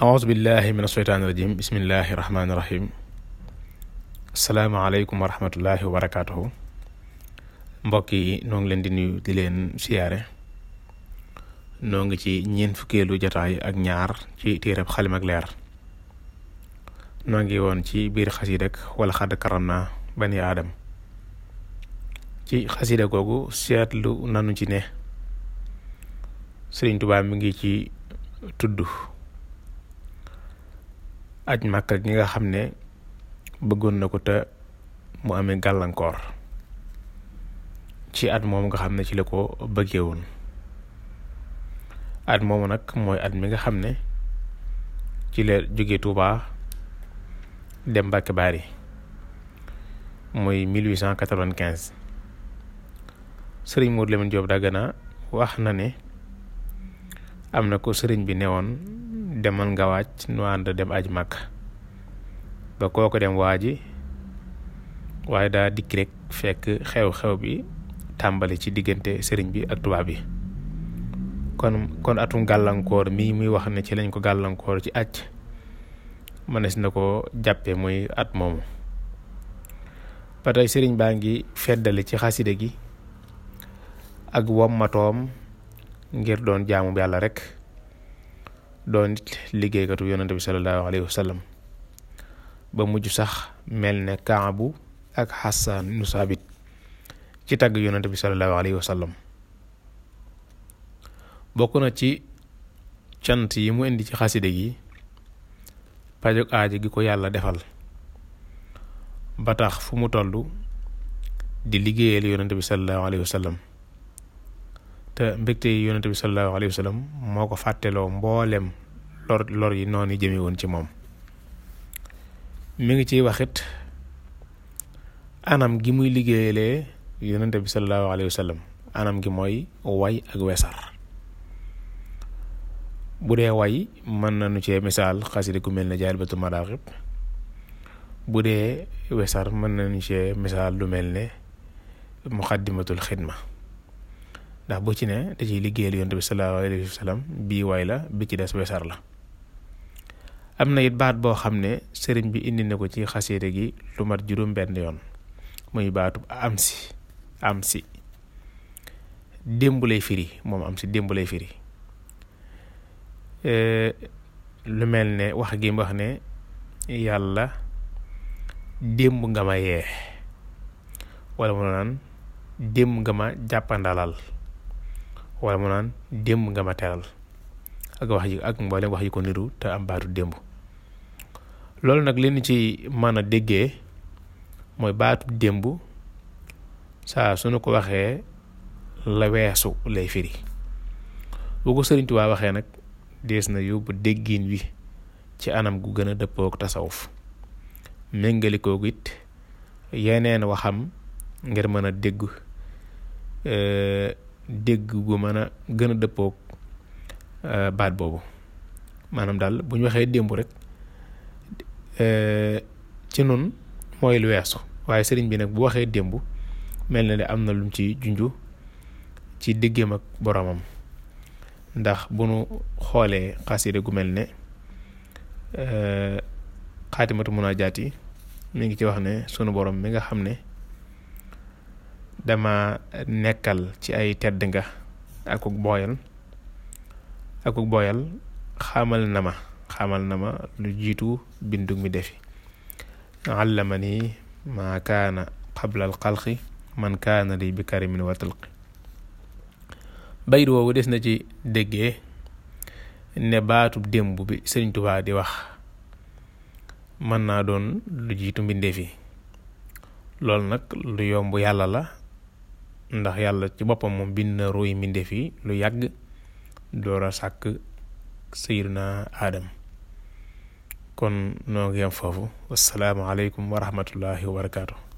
auzu billah min asheytaani rajim bismillahi rahmaani rahim asalaamaaleykum wa rahmatullahi wa barakaatuhu mbokk yi noo ngi leen di nuyu di leen siyaare noo ngi ci ñeent fukkeelu jataay ak ñaar ci téereb Xalimag leer noo ngi woon ci biir xasida ak wala xadd karam naa bani aadam ci xasida googu seetlu nanu ci ne Sëriñ Tuubaa mi ngi ci tudd aj màkk gi nga xam ne bëggoon na ko te mu amee gàllankoor ci at moom nga xam ne ci la ko bëggee woon at moomu nag mooy at mi nga xam ne ci la jóge Touba dem Mbàkke Baari muy 1895 sëriñ Modou Lamine Diop wax na ne am na ko sëriñ bi newoon demal nga wàcc nu ànd dem aj màkk ba kooku dem waa ji waaye daa dikk rek fekk xew-xew bi tàmbali ci diggante sëriñ bi ak tubaab bi kon atum gàllankoor mii muy wax ne ci lañ ko gàllankoor ci aj mënees na ko jàppe muy at moomu ba tey sëriñ baa ngi feddali ci xaside gi ak wommatoom ngir doon jaamu yàlla rek doon it liggéeykatu yonante bi salallaahu alayhi wa sallam ba mujj sax mel ne kaabu ak xasaan nu saabit ci tàgg yonante bi salallaahu alayhi wa sallam bokk na ci chant yi mu indi ci xaside gi pajog aajo gi ko yàlla defal ba tax fu mu toll di liggéeyal yonante bi salallaahu alayhi wa sallam te mbégte yi bi salallaahu moo ko fàtteloo mbooleem lor lor yi noonu jëme woon ci moom mi ngi ciy waxit anam gi muy liggéeyale yonente bi salallaahu alayhi wa sallam anam gi mooy way ak wesar bu dee way mën nañu cee misaal xasida ku mel ne jaalibatu maraaxib bu dee wesar mën nañu cee misaal lu mel ne muqaddimatul xidma ndax bu ci ne da ciy liggéeyal yonent bi salallaahu alayhi wa bii way la bi ci des wesar la am na it baat boo xam ne sëriñ bi indi na ko ci xasida gi lu mat juróom-benn yoon muy baatu am si am si démb lay firi moom am si démb lay firi lu mel ne wax gi wax ne yàlla démb nga ma yee wala mu naan démb nga ma jàppandalal wala mu naan démb nga ma teral ak wax yi ak mboolem wax yi ko niru te am baatu démb loolu nag li ñu ci mën a déggee mooy baatu démb saa su ñu ko waxee la weesu lay firi bu ko Sëriñ waa waxee nag dees na yóbbu déggin wi ci anam gu gën a dëppook tasawuf méngalikoogu it yeneen waxam ngir mën a dégg e, dégg gu mën a gën a dëppook e, baat boobu maanaam daal bu ñu waxee démb rek Euh, ci nun mooy lu weesu waaye sëriñ bi nag bu waxee démb mel na ne am na lum ci junju ci diggeem ak boroomam ndax bu nu xoolee xasida gu mel ne euh, xaatimatu munaajaat yi mi ngi ci wax ne sunu boroom mi nga xam ne dama nekkal ci ay tedd nga akuk booyal akuk booyal xamal na ma xamal na ma lu jiitu bindu mi defi allama nii kaana qabla al man kaana li bi karimin wa talqi woowu des na ci déggee ne baatu démb bi sëriñ di wax mën naa doon lu jiitu mbindeef yi loolu nag lu yomb yàlla la ndax yàlla ci boppam moom bind na ruuy mbindeef yi lu yàgg door a sàkk sayyidina Aadam kon noo ngi yem foofu asalaamaaleykum wa rahmatullahi wa barakaatu.